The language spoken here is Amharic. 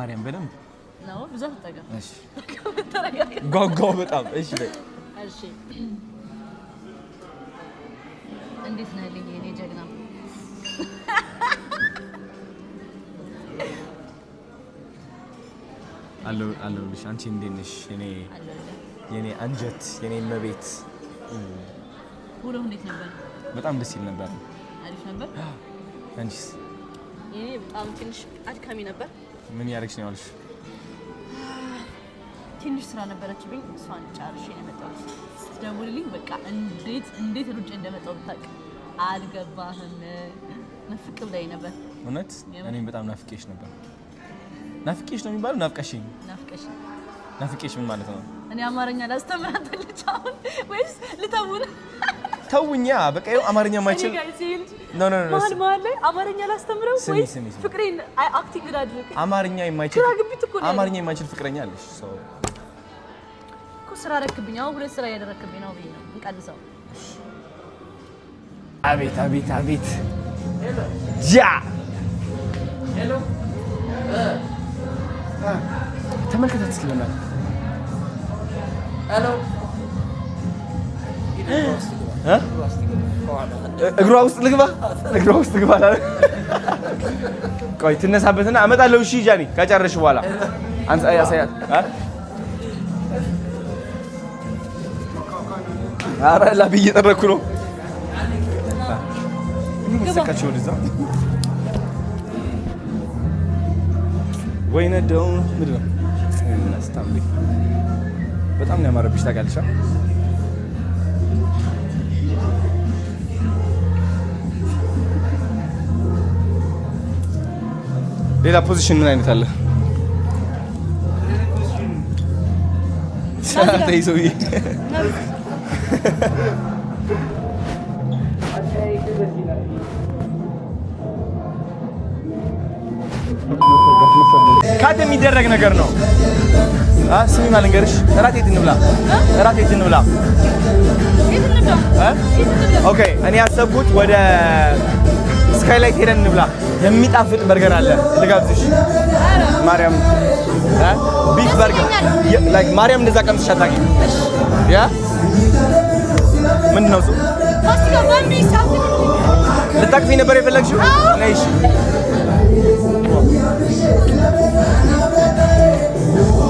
ማርያም በደንብ ነው ብዛት ተጠቀም። እሺ ጓጓው በጣም እሺ። በይ እሺ። እንዴት ነህ ልጅ እኔ ጀግና? አለሁልሽ። አንቺ እንዴት ነሽ እኔ የኔ አንጀት የኔ መቤት? ሁሉ እንዴት ነበር? በጣም ደስ ይል ነበር። አሪፍ ነበር። አንቺስ? የኔ በጣም ትንሽ አድካሚ ነበር። ምን ያደረግሽ ነው ያልሽ? ትንሽ ስራ ነበረችብኝ። እሷን ጨርሼ ነው የመጣሁት። ስትደውልልኝ በቃ እንዴት እንዴት ሩጬ እንደመጣሁ ብታውቅ አልገባህም። ናፍቅ ብላኝ ነበር። እውነት እኔም በጣም ናፍቄሽ ነበር። ናፍቄሽ ነው የሚባለው? ናፍቀሽኝ። ናፍቀሽኝ። ናፍቄሽ ምን ማለት ነው? እኔ አማርኛ ላስተምራት ልቻውን ወይስ ልተውን? ተውኛ በቃ ይኸው አማርኛ ማይችል ኖ ኖ ኖ አማርኛ ላስተምረው ወይ ፍቅሬን አክቲንግ አማርኛ የማይችል አማርኛ የማይችል ፍቅረኛ አለሽ? ስራ ረክብኝ። አሁን ሁለት ስራ እያደረክብኝ ነው ነው እንቀንሰው። አቤት አቤት አቤት ጃ ተመልከታት እስኪ እግሯ ውስጥ ልግባ፣ እግሯ ውስጥ ልግባ። ቆይ ትነሳበትና እመጣለሁ። እሺ ጃኒ፣ ከጨረሽ በኋላ ያሳያት። ኧረ ላብ እየጠረኩ ነው። ሰካቸው ወደዛ ወይ ነው? በጣም ነው ያማረብሽ ታውቃለሽ። ሌላ ፖዚሽን ምን አይነት አለ? ካት የሚደረግ ነገር ነው። ስሚ ማልንገርሽ፣ እራት የት እንብላ? እራት የት እንብላ? ኦኬ፣ እኔ ያሰብኩት ወደ ስካይላይት ሄደን እንብላ የሚጣፍጥ በርገር አለ ልጋብዝሽ። ማርያም ቢፍ በርገር ላይክ ማርያም እንደዛ ቀምስሽ አታውቂም። ያ ምንድን ነው እሱ ልታቅፊ ነበር የፈለግሽው? ነይ